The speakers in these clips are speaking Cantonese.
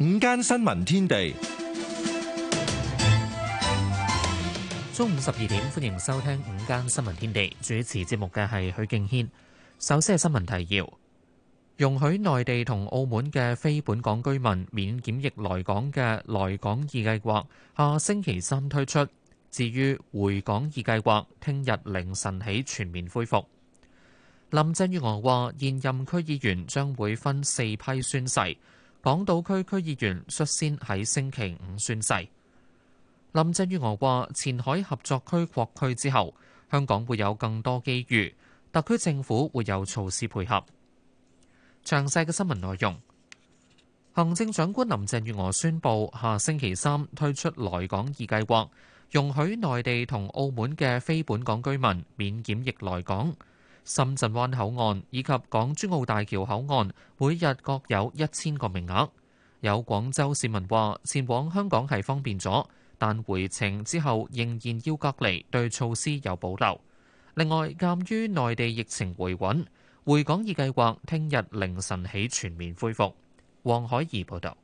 午間新聞天地，中午十二點，歡迎收聽午間新聞天地。主持節目嘅係許敬軒。首先係新聞提要，容許內地同澳門嘅非本港居民免檢疫來港嘅來港易計劃下星期三推出。至於回港易計劃，聽日凌晨起全面恢復。林鄭月娥話，現任區議員將會分四批宣誓。港島區區議員率先喺星期五宣誓。林鄭月娥話：前海合作區擴區之後，香港會有更多機遇，特區政府會有措施配合。詳細嘅新聞內容，行政長官林鄭月娥宣佈，下星期三推出來港易計劃，容許內地同澳門嘅非本港居民免檢疫來港。深圳灣口岸以及港珠澳大橋口岸每日各有一千個名額。有廣州市民話：前往香港係方便咗，但回程之後仍然要隔離，對措施有保留。另外，鑑於內地疫情回穩，回港易計劃聽日凌晨起全面恢復。黃海怡報導。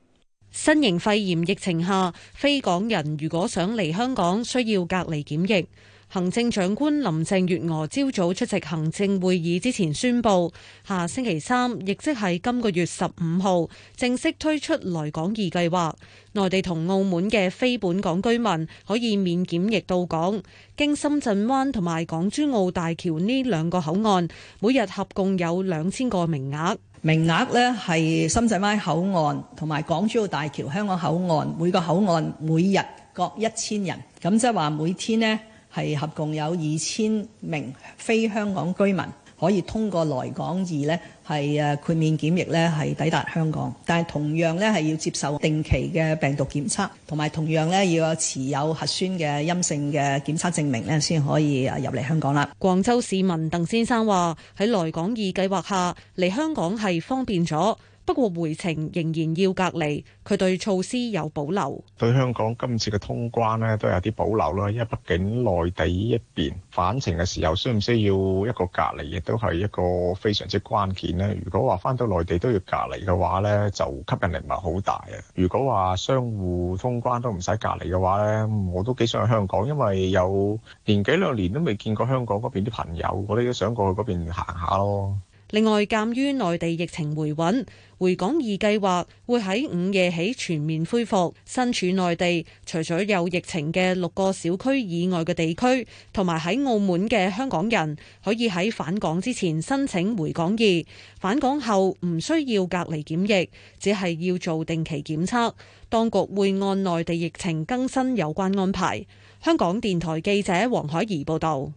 新型肺炎疫情下，非港人如果想嚟香港，需要隔離檢疫。行政長官林鄭月娥朝早出席行政會議之前，宣布下星期三，亦即係今個月十五號，正式推出來港易計劃，內地同澳門嘅非本港居民可以免檢疫到港，經深圳灣同埋港珠澳大橋呢兩個口岸，每日合共有兩千個名額。名額呢係深圳灣口岸同埋港珠澳大橋香港口岸每個口岸每日各一千人，咁即係話每天呢。係合共有二千名非香港居民可以通過來港易呢係誒豁免檢疫呢係抵達香港。但係同樣呢係要接受定期嘅病毒檢測，同埋同樣呢要有持有核酸嘅陰性嘅檢測證明呢先可以入嚟香港啦。廣州市民鄧先生話：喺來港易計劃下嚟香港係方便咗。不過回程仍然要隔離，佢對措施有保留。對香港今次嘅通關呢都有啲保留啦。因為畢竟內地一邊返程嘅時候，需唔需要一個隔離，亦都係一個非常之關鍵咧。如果話翻到內地都要隔離嘅話呢就吸引力唔係好大啊。如果話相互通關都唔使隔離嘅話呢我都幾想去香港，因為有年幾兩年都未見過香港嗰邊啲朋友，我哋都想過去嗰邊行下咯。另外，鑑於內地疫情回穩。回港易計劃會喺午夜起全面恢復，身處內地除咗有疫情嘅六個小區以外嘅地區，同埋喺澳門嘅香港人，可以喺返港之前申請回港易。返港後唔需要隔離檢疫，只係要做定期檢測。當局會按內地疫情更新有關安排。香港電台記者黃海怡報導。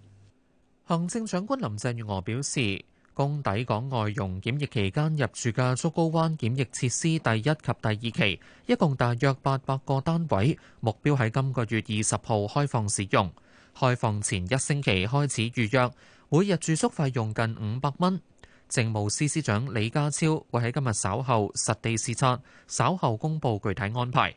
行政長官林鄭月娥表示。供抵港外傭檢疫期間入住嘅竹篙灣檢疫設施第一及第二期，一共大約八百個單位，目標喺今個月二十號開放使用。開放前一星期開始預約，每日住宿費用近五百蚊。政務司司長李家超會喺今日稍後實地視察，稍後公布具體安排。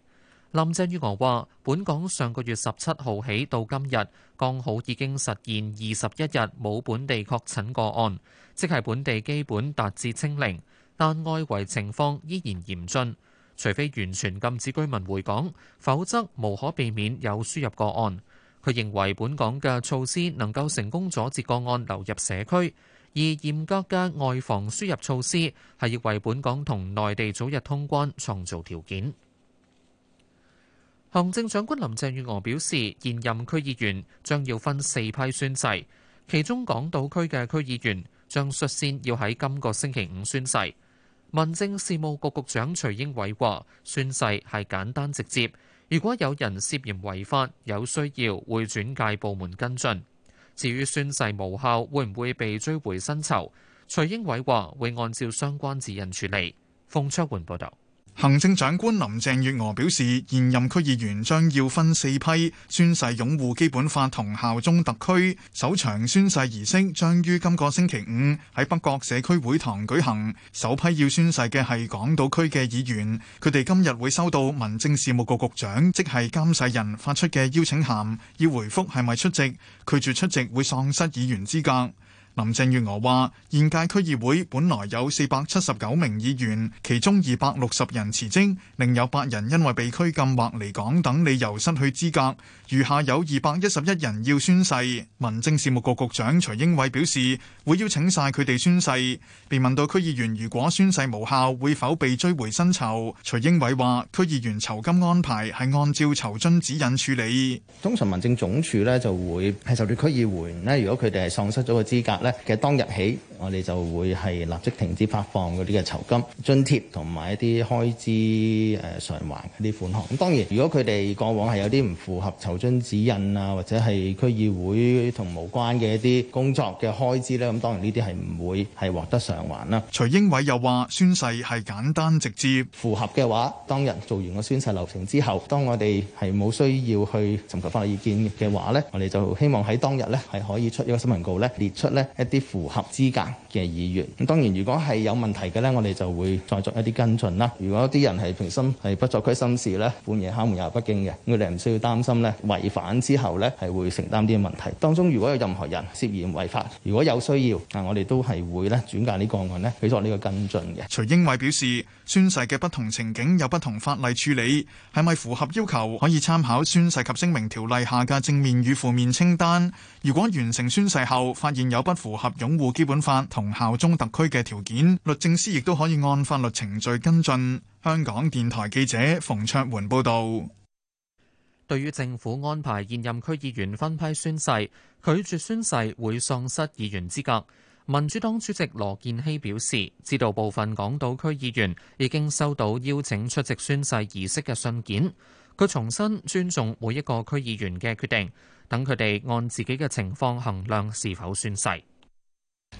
林鄭月娥話：本港上個月十七號起到今日，剛好已經實現二十一日冇本地確診個案，即係本地基本達至清零。但外圍情況依然嚴峻，除非完全禁止居民回港，否則無可避免有輸入個案。佢認為本港嘅措施能夠成功阻止個案流入社區，而嚴格嘅外防輸入措施係要為本港同內地早日通關創造條件。行政長官林鄭月娥表示，現任區議員將要分四批宣誓，其中港島區嘅區議員將率先要喺今個星期五宣誓。民政事務局局長徐英偉話：宣誓係簡單直接，如果有人涉嫌違法，有需要會轉介部門跟進。至於宣誓無效會唔會被追回薪酬，徐英偉話會按照相關指引處理。馮卓桓報行政長官林鄭月娥表示，現任區議員將要分四批宣誓擁護基本法同效忠特區。首場宣誓儀式將於今個星期五喺北角社區會堂舉行。首批要宣誓嘅係港島區嘅議員，佢哋今日會收到民政事務局局長即係監誓人發出嘅邀請函，要回覆係咪出席。拒絕出席會喪失議員資格。林鄭月娥話：現屆區議會本來有四百七十九名議員，其中二百六十人辭職，另有八人因為被拘禁或離港等理由失去資格。餘下有二百一十一人要宣誓，民政事務局局長徐英偉表示會邀請晒佢哋宣誓。被問到區議員如果宣誓無效，會否被追回薪酬？徐英偉話：區議員酬金安排係按照酬津指引處理。通常民政總署呢就會係受到區議員呢，如果佢哋係喪失咗個資格呢，其實當日起我哋就會係立即停止發放嗰啲嘅酬金津貼同埋一啲開支誒償還嗰啲款項。咁當然，如果佢哋過往係有啲唔符合酬，將指引啊，或者係區議會同無關嘅一啲工作嘅開支咧，咁當然呢啲係唔會係獲得償還啦。徐英偉又話宣誓係簡單直接，符合嘅話，當日做完個宣誓流程之後，當我哋係冇需要去尋求法律意見嘅話咧，我哋就希望喺當日咧係可以出一個新聞稿咧，列出咧一啲符合資格嘅議員。咁當然，如果係有問題嘅咧，我哋就會再作一啲跟進啦。如果啲人係平心係不作虧心事咧，半夜敲門也不驚嘅，我哋唔需要擔心咧。違反之後呢，係會承擔啲問題。當中如果有任何人涉嫌違法，如果有需要，但我哋都係會呢轉介呢個案呢去做呢個跟進嘅。徐英偉表示，宣誓嘅不同情景有不同法例處理，係咪符合要求可以參考宣誓及聲明條例下嘅正面與負面清單。如果完成宣誓後發現有不符合擁護基本法同效忠特區嘅條件，律政司亦都可以按法律程序跟進。香港電台記者馮卓媛報導。對於政府安排現任區議員分批宣誓，拒絕宣誓會喪失議員資格。民主黨主席羅健熙表示，知道部分港島區議員已經收到邀請出席宣誓儀式嘅信件。佢重新尊重每一個區議員嘅決定，等佢哋按自己嘅情況衡量是否宣誓。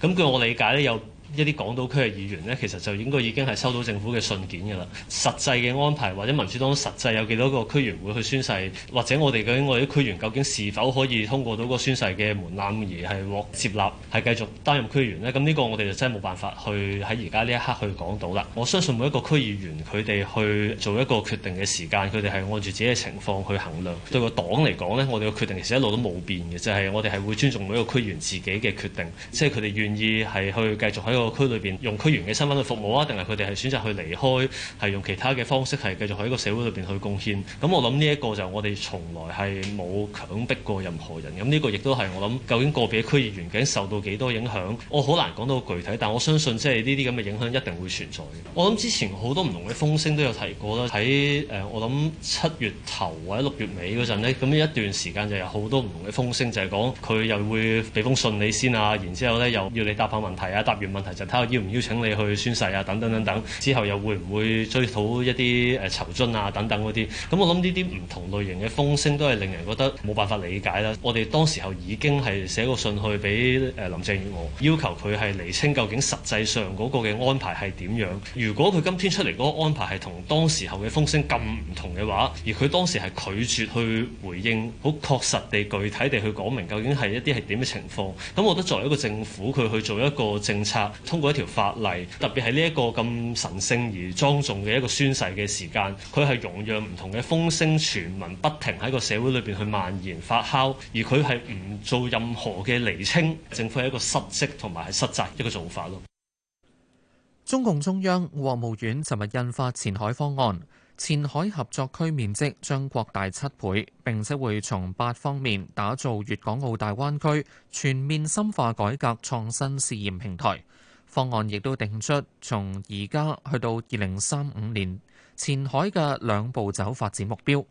咁據我理解呢，有。一啲港島區嘅議員呢，其實就應該已經係收到政府嘅信件㗎啦。實際嘅安排或者民主黨實際有幾多個區員會去宣誓，或者我哋究竟我哋啲區員究竟是否可以通過到個宣誓嘅門檻而係獲接納，係繼續擔任區員呢？咁呢個我哋就真係冇辦法去喺而家呢一刻去講到啦。我相信每一個區議員佢哋去做一個決定嘅時間，佢哋係按住自己嘅情況去衡量。對個黨嚟講呢，我哋嘅決定其實一路都冇變嘅，就係、是、我哋係會尊重每一個區議員自己嘅決定，即係佢哋願意係去繼續喺這個區裏邊用區員嘅身份去服務啊，定係佢哋係選擇去離開，係用其他嘅方式係繼續喺個社會裏邊去貢獻。咁我諗呢一個就我哋從來係冇強迫過任何人。咁呢個亦都係我諗，究竟個別區議員究竟受到幾多影響，我好難講到具體。但我相信即係呢啲咁嘅影響一定會存在嘅。我諗之前好多唔同嘅風聲都有提過啦。喺誒我諗七月頭或者六月尾嗰陣咧，咁一段時間就有好多唔同嘅風聲，就係講佢又會俾封信你先啊，然之後呢，又要你答下問題啊，答完問題。就睇下邀唔邀請你去宣誓啊，等等等等，之後又會唔會追討一啲誒酬津啊，等等嗰啲。咁我諗呢啲唔同類型嘅風聲都係令人覺得冇辦法理解啦。我哋當時候已經係寫個信去俾誒林鄭月娥，要求佢係厘清究竟實際上嗰個嘅安排係點樣，如果佢今天出嚟嗰個安排係同當時候嘅風聲咁唔同嘅話，而佢當時係拒絕去回應好確實地、具體地去講明究竟係一啲係點嘅情況，咁我覺得作為一個政府，佢去做一個政策。通過一條法例，特別係呢一個咁神聖而莊重嘅一個宣誓嘅時間，佢係容讓唔同嘅風聲傳聞不停喺個社會裏邊去蔓延發酵，而佢係唔做任何嘅釐清，政府係一個失職同埋係失責一個做法咯。中共中央、國務院尋日印發前海方案，前海合作區面積將擴大七倍，並且會從八方面打造粵港澳大灣區全面深化改革創新試驗平台。方案亦都定出從而家去到二零三五年前海嘅兩步走發展目標。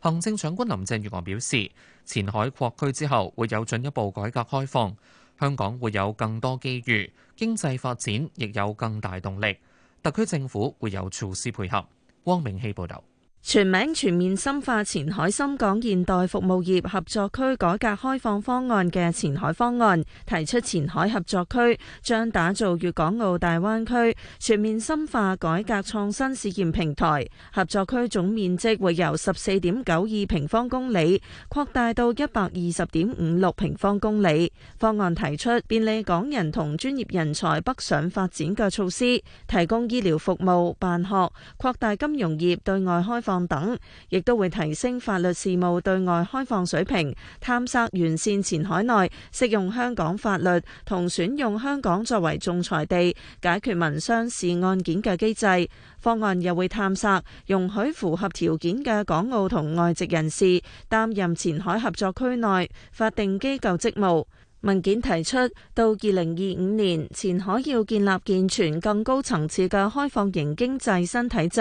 行政長官林鄭月娥表示，前海擴區之後會有進一步改革開放，香港會有更多機遇，經濟發展亦有更大動力，特區政府會有措施配合。汪明希報道。全名全面深化前海深港現代服務業合作區改革開放方案嘅前海方案提出，前海合作區將打造粵港澳大灣區全面深化改革創新試驗平台，合作區總面積會由十四點九二平方公里擴大到一百二十點五六平方公里。方案提出便利港人同專業人才北上發展嘅措施，提供醫療服務、辦學，擴大金融業對外開放。等，亦都會提升法律事務對外開放水平，探索完善前海內適用香港法律同選用香港作為仲裁地解決民商事案件嘅機制。方案又會探索容許符合條件嘅港澳同外籍人士擔任前海合作區內法定機構職務。文件提出，到二零二五年前海要建立健全更高層次嘅開放型經濟新體制；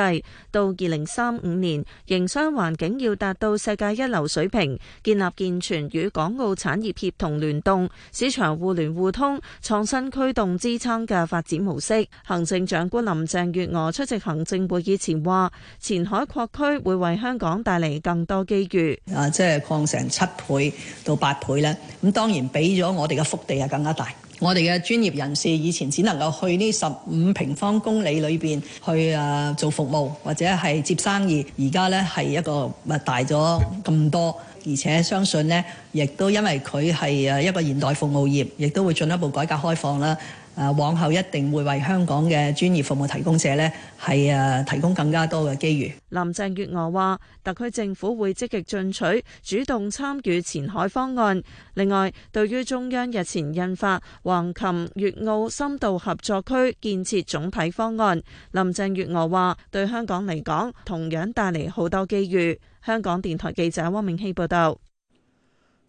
到二零三五年，營商環境要達到世界一流水平，建立健全與港澳產業協同聯動、市場互聯互通、創新驅動支撐嘅發展模式。行政長官林鄭月娥出席行政會議前話：前海擴區會為香港帶嚟更多機遇。啊，即係擴成七倍到八倍啦，咁當然俾咗。我哋嘅腹地啊，更加大，我哋嘅專業人士以前只能夠去呢十五平方公里裏面去做服務或者係接生意，而家呢係一個大咗咁多，而且相信呢，亦都因為佢係一個現代服務業，亦都會進一步改革開放啦。誒，往後一定會為香港嘅專業服務提供者呢，係誒提供更加多嘅機遇。林鄭月娥話：特區政府會積極進取，主動參與前海方案。另外，對於中央日前印發橫琴粵澳深度合作區建設總體方案，林鄭月娥話：對香港嚟講，同樣帶嚟好多機遇。香港電台記者汪明熙報道。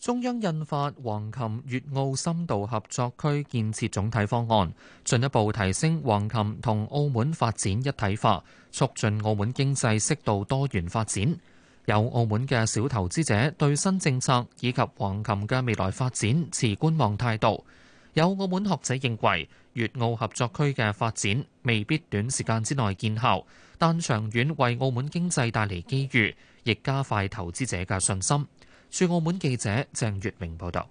中央印發橫琴粵澳深度合作區建設總體方案，進一步提升橫琴同澳門發展一體化，促進澳門經濟適度多元發展。有澳門嘅小投資者對新政策以及橫琴嘅未來發展持觀望態度。有澳門學者認為粵澳合作區嘅發展未必短時間之內見效，但長遠為澳門經濟帶嚟機遇，亦加快投資者嘅信心。駐澳門記者鄭月明報道，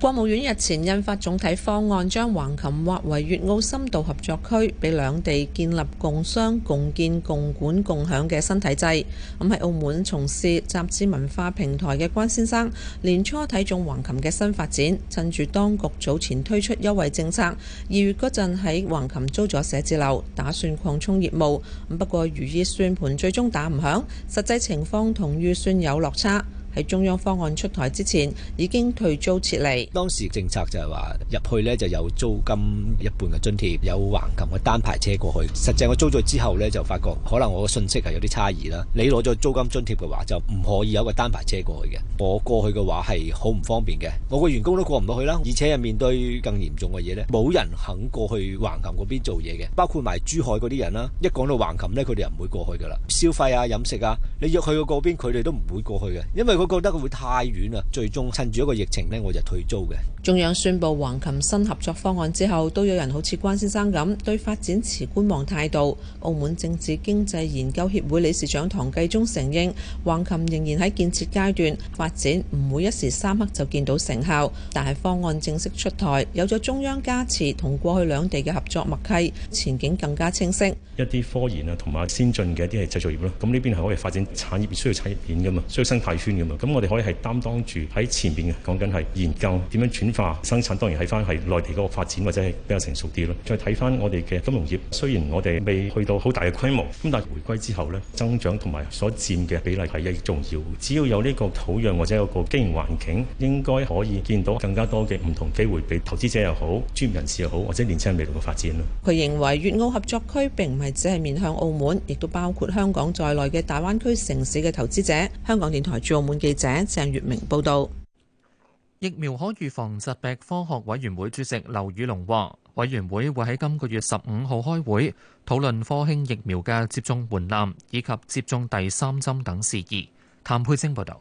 國務院日前印發總體方案，將橫琴劃為粵澳深度合作區，俾兩地建立共商、共建、共管、共享嘅新體制。咁喺澳門從事雜誌文化平台嘅關先生，年初睇中橫琴嘅新發展，趁住當局早前推出優惠政策，二月嗰陣喺橫琴租咗寫字樓，打算擴充業務。咁不過如意算盤最終打唔響，實際情況同預算有落差。喺中央方案出台之前，已經退租撤離，當時政策就係話入去咧就有租金一半嘅津貼，有橫琴嘅單排車過去。實際我租咗之後咧就發覺可能我嘅信息係有啲差異啦。你攞咗租金津貼嘅話就唔可以有個單排車過去嘅。我過去嘅話係好唔方便嘅。我個員工都過唔到去啦，而且係面對更嚴重嘅嘢咧，冇人肯過去橫琴嗰邊做嘢嘅。包括埋珠海嗰啲人啦，一講到橫琴咧，佢哋就唔會過去噶啦。消費啊、飲食啊，你約去個嗰邊，佢哋都唔會過去嘅，因為。我覺得會太遠啦，最終趁住一個疫情呢，我就退租嘅。中央宣布橫琴新合作方案之後，都有人好似關先生咁對發展持觀望態度。澳門政治經濟研究協會理事長唐繼宗承認，橫琴仍然喺建設階段，發展唔會一時三刻就見到成效。但係方案正式出台，有咗中央加持同過去兩地嘅合作默契，前景更加清晰。一啲科研啊，同埋先進嘅一啲係製造業咯。咁呢邊係可以發展產業，需要產業鏈噶嘛，需要生態圈噶嘛。咁我哋可以係擔當住喺前邊嘅，講緊係研究點樣轉化生產，當然喺翻係內地嗰個發展或者係比較成熟啲咯。再睇翻我哋嘅金融業，雖然我哋未去到好大嘅規模，咁但係回歸之後呢，增長同埋所佔嘅比例係一樣重要。只要有呢個土壤或者有個經營環境，應該可以見到更加多嘅唔同機會，俾投資者又好，專業人士又好，或者年輕人未來嘅發展。佢認為粵澳合作區並唔係只係面向澳門，亦都包括香港在內嘅大灣區城市嘅投資者。香港電台駐澳門記者鄭月明報道，疫苗可預防疾病科學委員會主席劉宇龍話，委員會會喺今個月十五號開會，討論科興疫苗嘅接種門檻以及接種第三針等事宜。譚佩貞報道。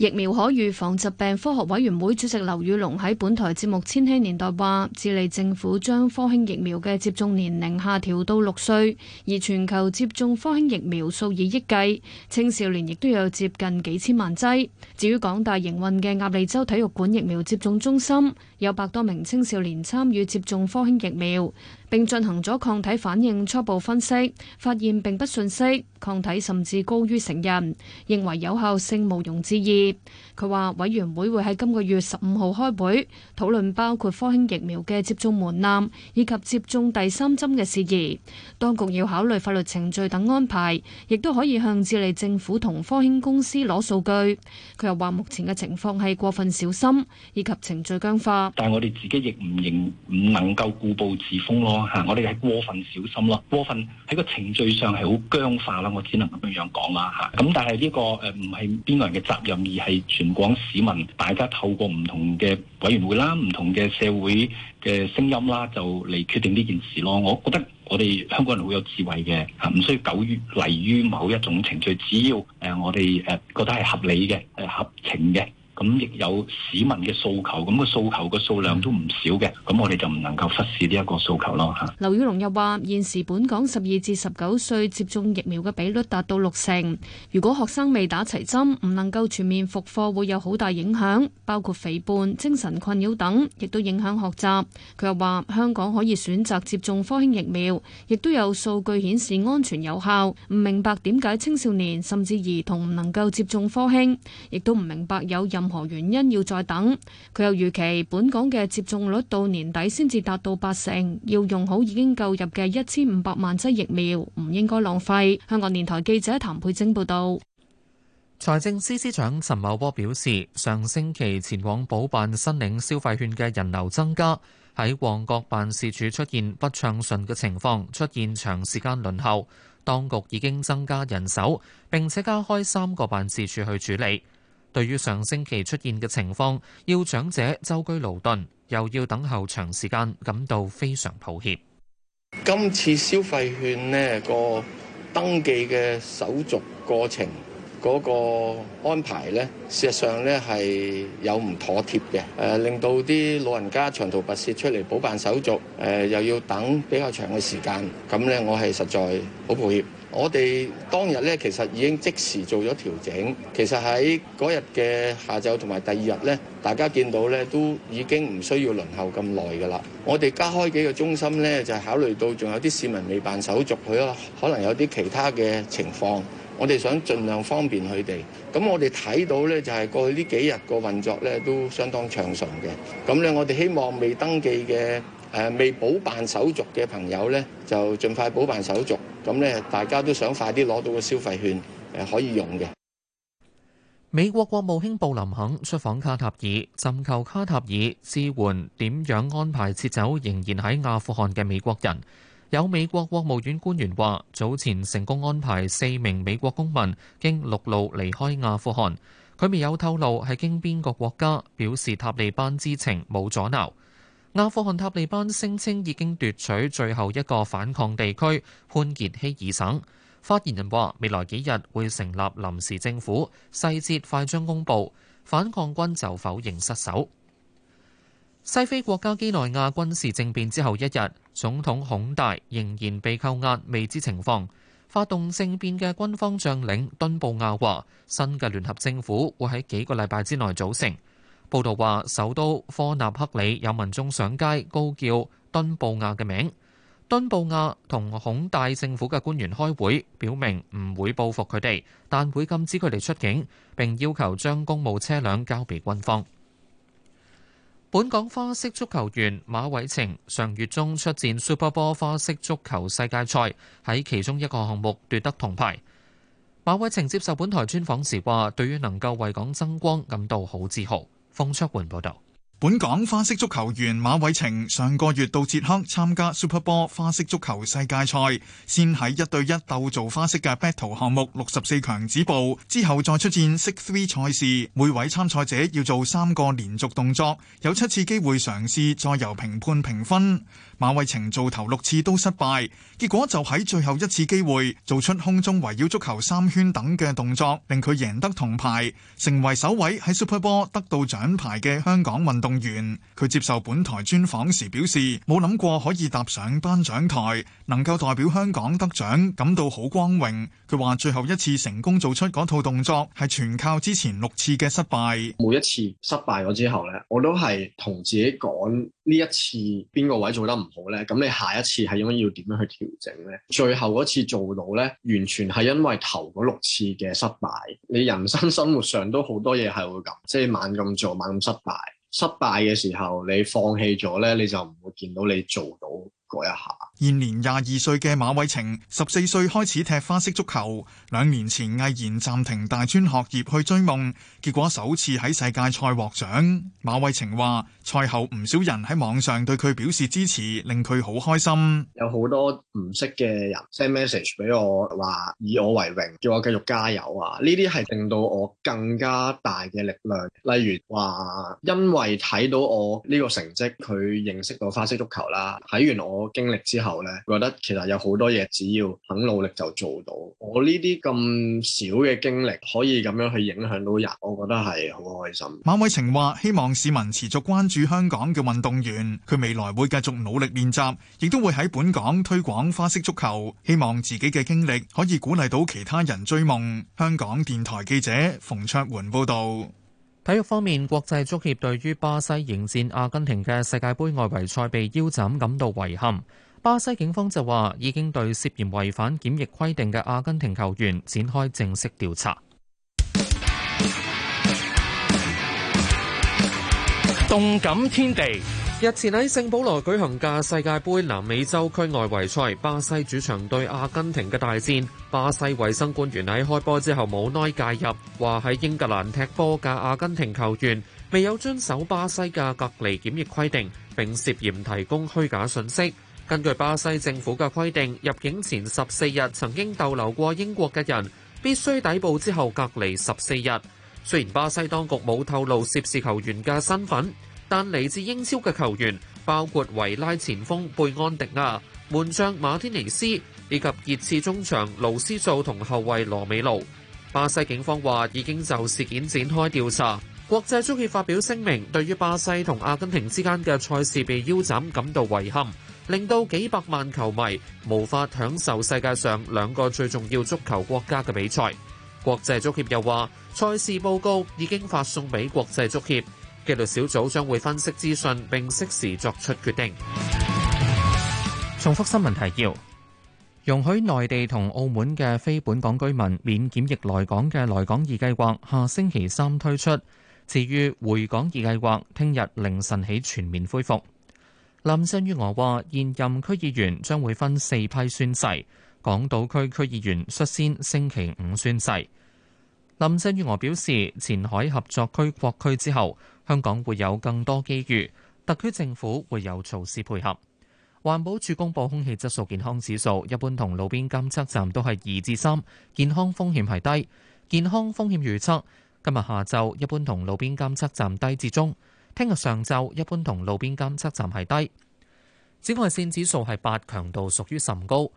疫苗可預防疾病科學委員會主席劉宇龍喺本台節目《千禧年代》話，智利政府將科興疫苗嘅接種年齡下調到六歲，而全球接種科興疫苗數以億計，青少年亦都有接近幾千萬劑。至於港大營運嘅鴨脷洲體育館疫苗接種中心，有百多名青少年參與接種科興疫苗。並進行咗抗體反應初步分析，發現並不遜色，抗體甚至高於成人，認為有效性毋庸置疑。佢話：委員會會喺今個月十五號開會討論，包括科興疫苗嘅接種門檻以及接種第三針嘅事宜。當局要考慮法律程序等安排，亦都可以向智利政府同科興公司攞數據。佢又話：目前嘅情況係過分小心以及程序僵化。但係我哋自己亦唔認唔能夠固步自封咯。我哋係過分小心咯，過分喺個程序上係好僵化啦。我只能咁樣講啦嚇。咁但係呢個唔係邊個人嘅責任，而係全港市民大家透過唔同嘅委員會啦、唔同嘅社會嘅聲音啦，就嚟決定呢件事咯。我覺得我哋香港人好有智慧嘅，唔需要拘泥於某一種程序，只要我哋誒覺得係合理嘅、合情嘅。咁亦有市民嘅訴求，咁個訴求個數量都唔少嘅，咁我哋就唔能夠忽視呢一個訴求咯吓。劉宇龍又話現時本港十二至十九歲接種疫苗嘅比率達到六成，如果學生未打齊針，唔能夠全面復課會有好大影響，包括肥胖、精神困擾等，亦都影響學習，佢又話香港可以選擇接種科興疫苗，亦都有數據顯示安全有效。唔明白點解青少年甚至兒童唔能夠接種科興，亦都唔明白有任何原因要再等？佢又預期本港嘅接種率到年底先至達到八成，要用好已經購入嘅一千五百萬劑疫苗，唔應該浪費。香港電台記者譚佩晶報道。財政司司長陳茂波表示，上星期前往補辦申領消費券嘅人流增加，喺旺角辦事處出現不暢順嘅情況，出現長時間輪候。當局已經增加人手，並且加開三個辦事處去處理。對於上星期出現嘅情況，要長者周居勞頓，又要等候長時間，感到非常抱歉。今次消費券呢個登記嘅手續過程嗰個安排呢，事實上呢係有唔妥貼嘅，誒令到啲老人家長途跋涉出嚟補辦手續，誒又要等比較長嘅時間，咁呢，我係實在好抱歉。我哋當日咧，其實已經即時做咗調整。其實喺嗰日嘅下晝同埋第二日咧，大家見到咧都已經唔需要輪候咁耐㗎啦。我哋加開幾個中心咧，就係考慮到仲有啲市民未辦手續，佢啊可能有啲其他嘅情況，我哋想盡量方便佢哋。咁我哋睇到咧，就係過去呢幾日個運作咧都相當暢順嘅。咁咧，我哋希望未登記嘅。誒未補辦手續嘅朋友呢，就盡快補辦手續。咁呢，大家都想快啲攞到個消費券，誒、啊、可以用嘅。美國國務卿布林肯出訪卡塔爾，尋求卡塔爾支援，點樣安排撤走仍然喺阿富汗嘅美國人。有美國國務院官員話，早前成功安排四名美國公民經陸路離開阿富汗。佢未有透露係經邊個國家，表示塔利班之情冇阻撓。阿富汗塔利班聲稱已經奪取最後一個反抗地區潘傑希爾省。發言人話：未來幾日會成立臨時政府，細節快將公布。反抗軍就否認失守。西非國家幾內亞軍事政變之後一日，總統孔戴仍然被扣押，未知情況。發動政變嘅軍方將領敦布亞話：新嘅聯合政府會喺幾個禮拜之內組成。報道話，首都科納克里有民眾上街高叫敦布亞嘅名。敦布亞同孔大政府嘅官員開會，表明唔會報復佢哋，但會禁止佢哋出境，並要求將公務車輛交俾軍方。本港花式足球員馬偉晴上月中出戰 Super Bowl 花式足球世界賽，喺其中一個項目奪得銅牌。馬偉晴接受本台專訪時話，對於能夠為港爭光，感到好自豪。出報道，本港花式足球員馬偉晴上個月到捷克參加 Super Ball 花式足球世界賽，先喺一對一鬥做花式嘅 battle 項目六十四強止步，之後再出戰 Six Three 賽事，每位參賽者要做三個連續動作，有七次機會嘗試，再由評判評分。馬慧晴做頭六次都失敗，結果就喺最後一次機會做出空中圍繞足球三圈等嘅動作，令佢贏得銅牌，成為首位喺 Super Bowl 得到獎牌嘅香港運動員。佢接受本台專訪時表示，冇諗過可以踏上頒獎台，能夠代表香港得獎，感到好光榮。佢話最後一次成功做出嗰套動作，係全靠之前六次嘅失敗。每一次失敗咗之後呢，我都係同自己講，呢一次邊個位做得唔。好咧，咁你下一次係應該要點樣去調整咧？最後嗰次做到咧，完全係因為頭嗰六次嘅失敗，你人生生活上都好多嘢係會咁，即係猛咁做，猛咁失敗，失敗嘅時候你放棄咗咧，你就唔會見到你做到嗰一下。現年廿二歲嘅馬偉晴，十四歲開始踢花式足球，兩年前毅然暫停大專學業去追夢，結果首次喺世界賽獲獎。馬偉晴話：賽後唔少人喺網上對佢表示支持，令佢好開心。有好多唔識嘅人 send message 俾我，話以我為榮，叫我繼續加油啊！呢啲係令到我更加大嘅力量。例如話，因為睇到我呢個成績，佢認識到花式足球啦，睇完我經歷之後。覺得其實有好多嘢，只要肯努力就做到。我呢啲咁少嘅經歷，可以咁樣去影響到人，我覺得係好開心。馬偉晴話：希望市民持續關注香港嘅運動員，佢未來會繼續努力練習，亦都會喺本港推廣花式足球。希望自己嘅經歷可以鼓勵到其他人追夢。香港電台記者馮卓媛報導。體育方面，國際足協對於巴西迎戰阿根廷嘅世界盃外圍賽被腰斬感到遺憾。巴西警方就話，已經對涉嫌違反檢疫規定嘅阿根廷球員展開正式調查。動感天地日前喺聖保羅舉行嘅世界盃南美洲區外圍賽，巴西主場對阿根廷嘅大戰，巴西衛生官員喺開波之後冇耐介入，話喺英格蘭踢波嘅阿根廷球員未有遵守巴西嘅隔離檢疫規定，並涉嫌提供虛假訊息。根據巴西政府嘅規定，入境前十四日曾經逗留過英國嘅人必須抵埗之後隔離十四日。雖然巴西當局冇透露涉事球員嘅身份，但嚟自英超嘅球員包括維拉前鋒貝安迪亞、門將馬天尼斯以及熱刺中場魯斯素同後衛羅美路。巴西警方話已經就事件展開調查。國際足協發表聲明，對於巴西同阿根廷之間嘅賽事被腰斬感到遺憾。令到幾百萬球迷無法享受世界上兩個最重要足球國家嘅比賽。國際足協又話，賽事報告已經發送俾國際足協，紀律小組將會分析資訊並適時作出決定。重複新聞提要：容許內地同澳門嘅非本港居民免檢疫來港嘅來港易計劃下星期三推出，至於回港易計劃，聽日凌晨起全面恢復。林鄭月娥話：現任區議員將會分四批宣誓，港島區區議員率先星期五宣誓。林鄭月娥表示，前海合作區擴區之後，香港會有更多機遇，特區政府會有措施配合。環保署公布空氣質素健康指數，一般同路邊監測站都係二至三，健康風險係低。健康風險預測今日下晝一般同路邊監測站低至中。聽日上晝一般同路邊監測站係低，紫外線指數係八，強度屬於甚高。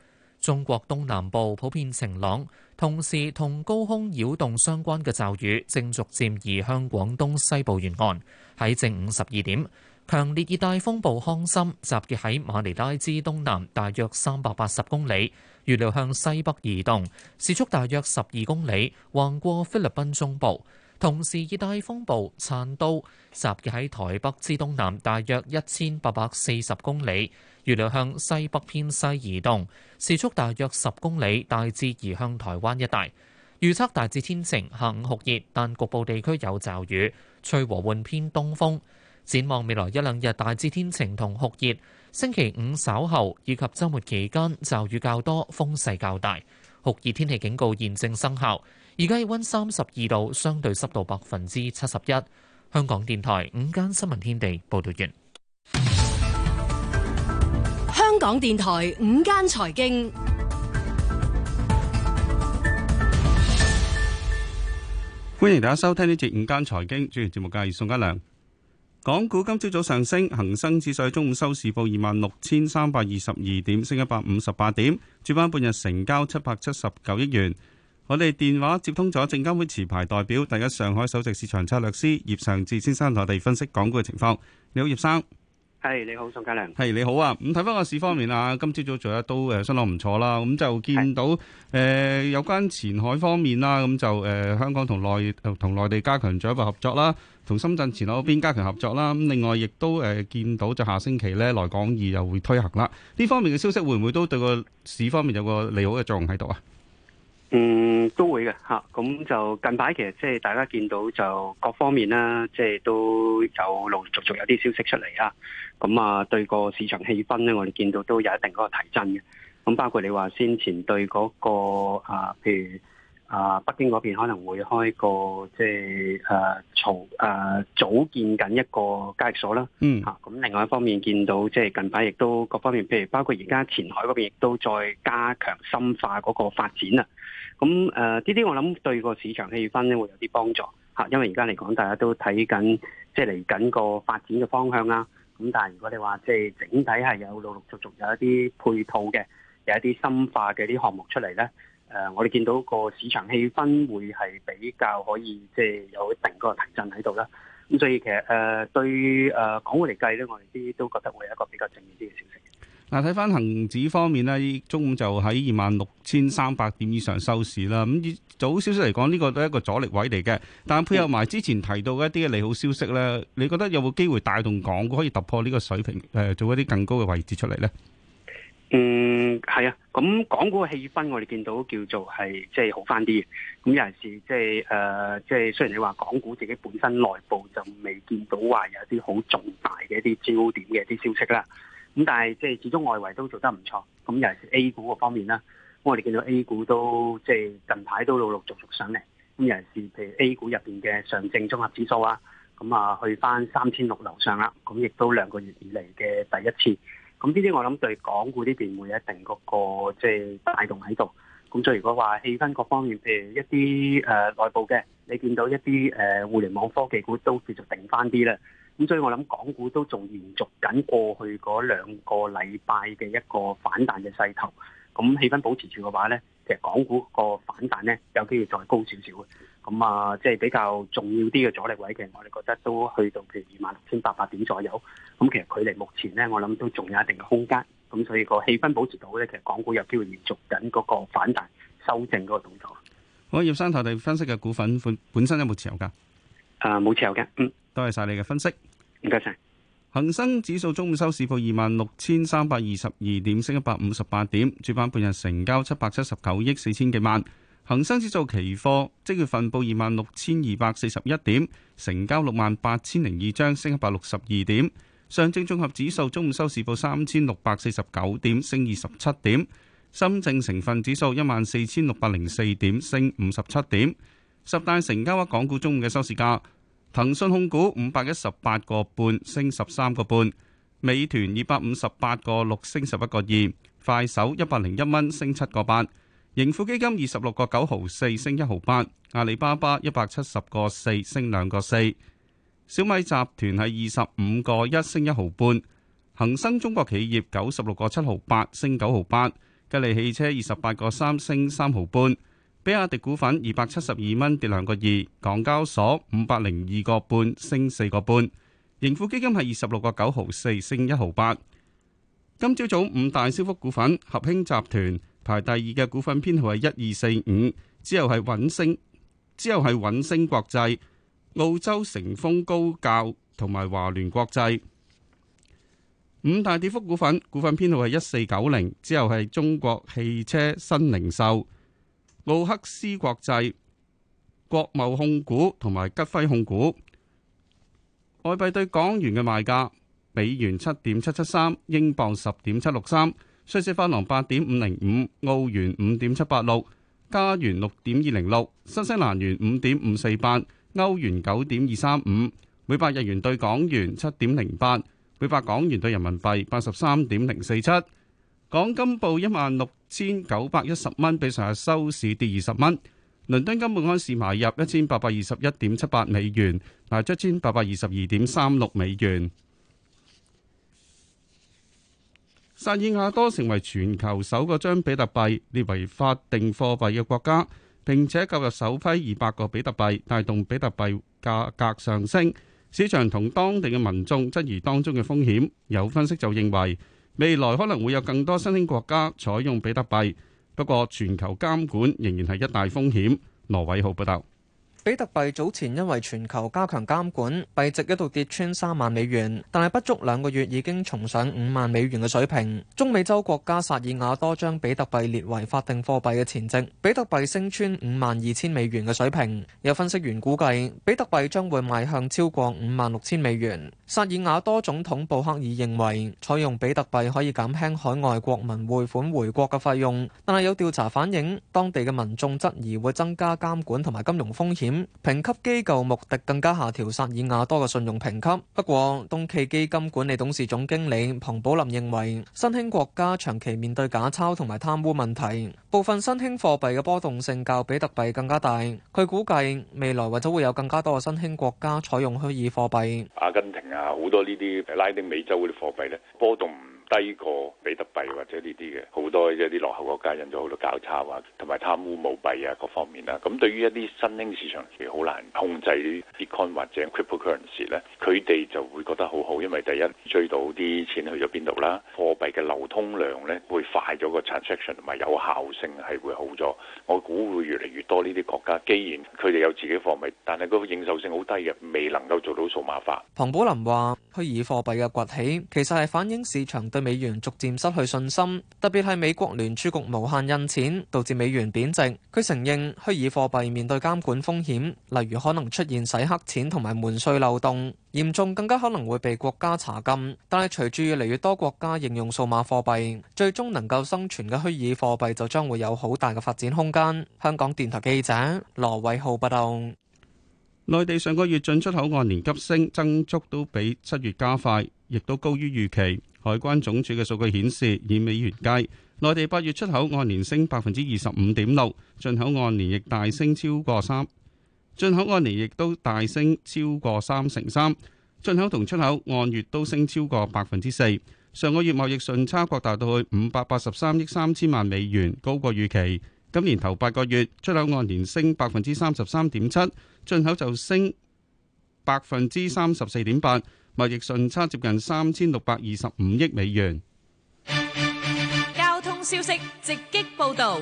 中國東南部普遍晴朗，同時同高空擾動相關嘅驟雨正逐漸移向廣東西部沿岸。喺正午十二點，強烈熱帶風暴康森集結喺馬尼拉之東南大約三百八十公里，預料向西北移動，時速大約十二公里，橫過菲律賓中部。同時，熱帶風暴燦都集結喺台北至東南，大約一千八百四十公里，預料向西北偏西移動，時速大約十公里，大致移向台灣一帶。預測大致天晴，下午酷熱，但局部地區有驟雨，吹和緩偏東風。展望未來一兩日，大致天晴同酷熱，星期五稍後以及週末期間驟雨較多，風勢較大。酷熱天氣警告現正生效。而家氣溫三十二度，相對濕度百分之七十一。香港電台午間新聞天地報道完。香港電台午間財經，歡迎大家收聽呢節午間財經，主持節目嘅係宋家良。港股今朝早上升，恒生指數中午收市報二萬六千三百二十二點，升一百五十八點，主板半日成交七百七十九億元。我哋電話接通咗證監會持牌代表，第一上海首席市場策略師葉尚志先生，同我哋分析港股嘅情況。你好，葉生，係、hey，你好，宋嘉良，係、hey，你好啊！咁睇翻個市方面啊，今朝早做得都誒，相當唔錯啦。咁就見到誒、呃、有關前海方面啦，咁就誒、呃、香港同內同內地加強咗一個合作啦，同深圳前海嗰邊加強合作啦。咁另外亦都誒見到就下星期咧，來港易又會推行啦。呢方面嘅消息會唔會都對個市方面有個利好嘅作用喺度啊？嗯，都會嘅吓，咁、啊、就近排其實即係大家見到就各方面啦，即、就、係、是、都有陸陸續續有啲消息出嚟啦，咁啊對個市場氣氛咧，我哋見到都有一定嗰個提振嘅，咁包括你話先前對嗰、那個啊，譬如。啊，北京嗰邊可能會開個即係誒，從誒組建緊一個交易、啊啊、所啦。嗯，吓，咁另外一方面見到即係近排亦都各方面，譬如包括而家前海嗰邊亦都再加強深化嗰個發展啦。咁誒，呢、呃、啲我諗對個市場氣氛咧會有啲幫助吓，因為而家嚟講，大家都睇緊即係嚟緊個發展嘅方向啦。咁但係如果你話即係整體係有陸陸續續有一啲配套嘅，有一啲深化嘅啲項目出嚟咧。誒，我哋見到個市場氣氛會係比較可以，即係有一定個提振喺度啦。咁所以其實誒對誒港股嚟計咧，我哋啲都覺得會係一個比較正面啲嘅消息。嗱，睇翻恒指方面呢，中午就喺二萬六千三百點以上收市啦。咁以早消息嚟講，呢個都係一個阻力位嚟嘅，但係配合埋之前提到嘅一啲利好消息咧，你覺得有冇機會帶動港股可以突破呢個水平？誒，做一啲更高嘅位置出嚟咧？嗯，係啊，咁港股嘅氣氛我哋見到叫做係即係好翻啲，咁有陣時即係誒，即係、呃、雖然你話港股自己本身內部就未見到話有啲好重大嘅一啲焦點嘅一啲消息啦，咁但係即係始終外圍都做得唔錯，咁尤其係 A 股嗰方面啦，我哋見到 A 股都即係近排都陸陸續續上嚟，咁尤其係譬如 A 股入邊嘅上證綜合指數啊，咁啊去翻三千六樓上啦，咁亦都兩個月以嚟嘅第一次。咁呢啲我諗對港股呢邊會有一定嗰個即係帶動喺度。咁所以如果話氣氛各方面，譬如一啲、呃、內部嘅，你見到一啲、呃、互聯網科技股都繼續定翻啲咧。咁所以我諗港股都仲延續緊過去嗰兩個禮拜嘅一個反彈嘅勢頭。咁氣氛保持住嘅話咧，其實港股個反彈咧有機會再高少少嘅。咁、嗯、啊，即係比較重要啲嘅阻力位嘅，其實我哋覺得都去到譬如二萬六千八百點左右。咁、嗯、其實距離目前呢，我諗都仲有一定嘅空間。咁、嗯、所以個氣氛保持到呢，其實港股有機會延續緊嗰個反彈修正嗰個動作。好，葉生投遞分析嘅股份，本身有冇持有噶？誒、啊，冇持有嘅。嗯，多謝晒你嘅分析。唔該晒。恒生指數中午收市報二萬六千三百二十二點，升一百五十八點。主板半日成交七百七十九億四千幾萬。恒生指數期貨即月份報二萬六千二百四十一點，成交六萬八千零二張，升一百六十二點。上證綜合指數中午收市報三千六百四十九點，升二十七點。深證成分指數一萬四千六百零四點，升五十七點。十大成交額港股中午嘅收市價，騰訊控股五百一十八個半，升十三個半。美團二百五十八個六，升十一個二。快手一百零一蚊，升七個八。盈富基金二十六個九毫四升一毫八，阿里巴巴一百七十個四升兩個四，小米集團係二十五個一升一毫半，恒生中國企業九十六個七毫八升九毫八，吉利汽車二十八個三升三毫半，比亞迪股份二百七十二蚊跌兩個二，港交所五百零二個半升四個半，盈富基金係二十六個九毫四升一毫八，今朝早五大升幅股份合興集團。排第二嘅股份編號係一二四五，之後係穩升，之後係穩升國際、澳洲成峰高教同埋華聯國際。五大跌幅股份，股份編號係一四九零，之後係中國汽車新零售、奧克斯國際、國貿控股同埋吉輝控股。外幣對港元嘅賣價，美元七點七七三，英鎊十點七六三。瑞士法郎八點五零五，澳元五點七八六，加元六點二零六，新西蘭元五點五四八，歐元九點二三五，每百日元對港元七點零八，每百港元對人民幣八十三點零四七。港金報一萬六千九百一十蚊，比上日收市跌二十蚊。倫敦金本盎司買入一千八百二十一點七八美元，賣出一千八百二十二點三六美元。薩爾瓦多成為全球首個將比特幣列為法定貨幣嘅國家，並且購入首批二百個比特幣，帶動比特幣價格上升。市場同當地嘅民眾質疑當中嘅風險。有分析就認為，未來可能會有更多新興國家採用比特幣，不過全球監管仍然係一大風險。羅偉浩報道。比特幣早前因為全球加強監管，幣值一度跌穿三萬美元，但係不足兩個月已經重上五萬美元嘅水平。中美洲國家薩爾瓦多將比特幣列為法定貨幣嘅前夕，比特幣升穿五萬二千美元嘅水平。有分析員估計，比特幣將會邁向超過五萬六千美元。薩爾瓦多總統布克爾認為，採用比特幣可以減輕海外國民匯款回國嘅費用，但係有調查反映，當地嘅民眾質疑會增加監管同埋金融風險。評級機構穆迪更加下調薩爾瓦多嘅信用評級。不過，東企基金管理董事總經理彭寶林認為，新興國家長期面對假鈔同埋貪污問題，部分新興貨幣嘅波動性較比特幣更加大。佢估計未來或者會有更加多嘅新興國家採用虛擬貨幣。阿根廷啊，好多呢啲拉丁美洲嗰啲貨幣呢波動低過比特幣或者呢啲嘅，好多一啲落後的國家引咗好多交叉啊，同埋貪污舞弊啊各方面啦。咁對於一啲新興市場其實好難控制啲 bitcoin 或者 cryptocurrency 咧，佢哋就會覺得好好，因為第一追到啲錢去咗邊度啦，貨幣嘅流通量咧會快咗個 transaction 同埋有，有效性係會好咗。我估會越嚟越多呢啲國家，既然佢哋有自己貨幣，但係嗰個認受性好低嘅，未能夠做到數碼化。龐寶林話：虛擬貨幣嘅崛起其實係反映市場對美元逐漸失去信心，特別係美國聯儲局無限印錢，導致美元貶值。佢承認虛擬貨幣面對監管風險，例如可能出現洗黑錢同埋瞞稅漏洞，嚴重更加可能會被國家查禁。但係隨住越嚟越多國家應用數碼貨幣，最終能夠生存嘅虛擬貨幣就將會有好大嘅發展空間。香港電台記者羅偉浩報道，內地上個月進出口按年急升，增速都比七月加快，亦都高於預期。海關總署嘅數據顯示，以美元計，內地八月出口按年升百分之二十五點六，進口按年亦大升超過三，進口按年亦都大升超過三成三，進口同出口按月都升超過百分之四。上個月貿易順差擴大到去五百八十三億三千萬美元，高過預期。今年頭八個月，出口按年升百分之三十三點七，進口就升百分之三十四點八。貿易順差接近三千六百二十五億美元。交通消息直擊報道。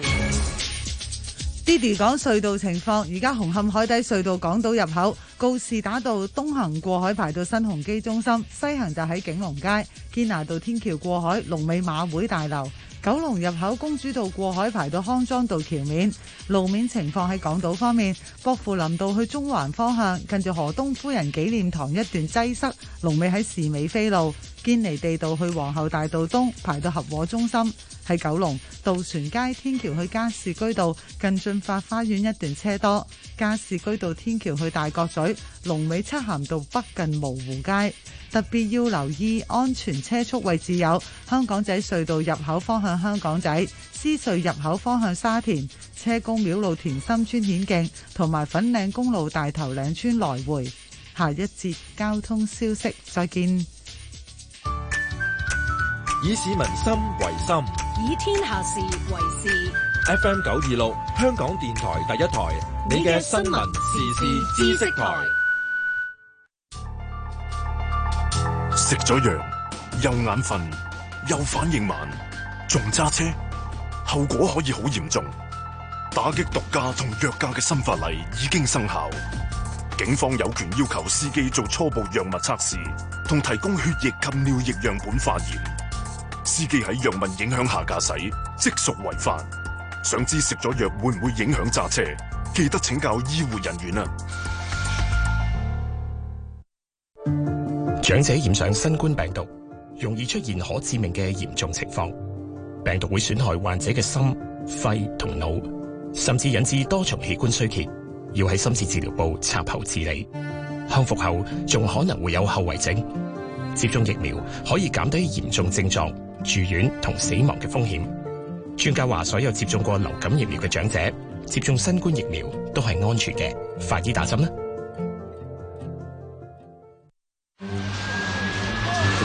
Didi 講隧道情況，而家紅磡海底隧道港島入口告士打道東行過海排到新鴻基中心，西行就喺景隆街堅拿道天橋過海，龍尾馬會大樓。九龍入口公主道過海排到康莊道橋面。路面情況喺港島方面，薄扶林道去中環方向近住河東夫人紀念堂一段擠塞，龍尾喺士美菲路；堅尼地道去皇后大道東排到合和中心。喺九龍渡船街天橋去加士居道近駿發花園一段車多，加士居道天橋去大角咀，龍尾漆咸道北近蕪湖街。特別要留意安全車速位置有香港仔隧道入口方向香港仔、獅隧入口方向沙田、車公廟路田心村顯徑同埋粉嶺公路大頭嶺村來回。下一節交通消息，再見。以市民心為心，以天下事為事。FM 九二六，香港電台第一台，你嘅新聞時事知識台。食咗藥又眼瞓又反應慢，仲揸車，後果可以好嚴重。打擊毒駕同藥駕嘅新法例已經生效，警方有權要求司機做初步藥物測試，同提供血液及尿液樣本化驗。司機喺藥物影響下駕駛，即屬違法。想知食咗藥會唔會影響揸車？記得請教醫護人員啊！長者染上新冠病毒，容易出現可致命嘅嚴重情況。病毒會損害患者嘅心、肺同腦，甚至引致多重器官衰竭，要喺深切治療部插喉治理。康復後仲可能會有後遺症。接種疫苗可以減低嚴重症狀、住院同死亡嘅風險。專家話，所有接種過流感疫苗嘅長者，接種新冠疫苗都係安全嘅。快啲打針啦！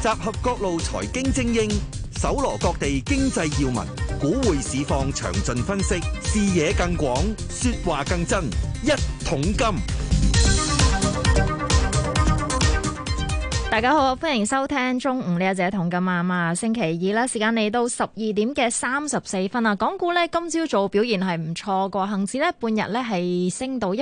集合各路財經精英，搜羅各地經濟要聞，股匯市況詳盡分析，視野更廣，說話更真。一桶金。大家好，歡迎收聽中午呢一節《桶金》啊！嘛，星期二啦，時間嚟到十二點嘅三十四分啦。港股呢今朝早表現係唔錯，個恒指呢半日呢係升到一。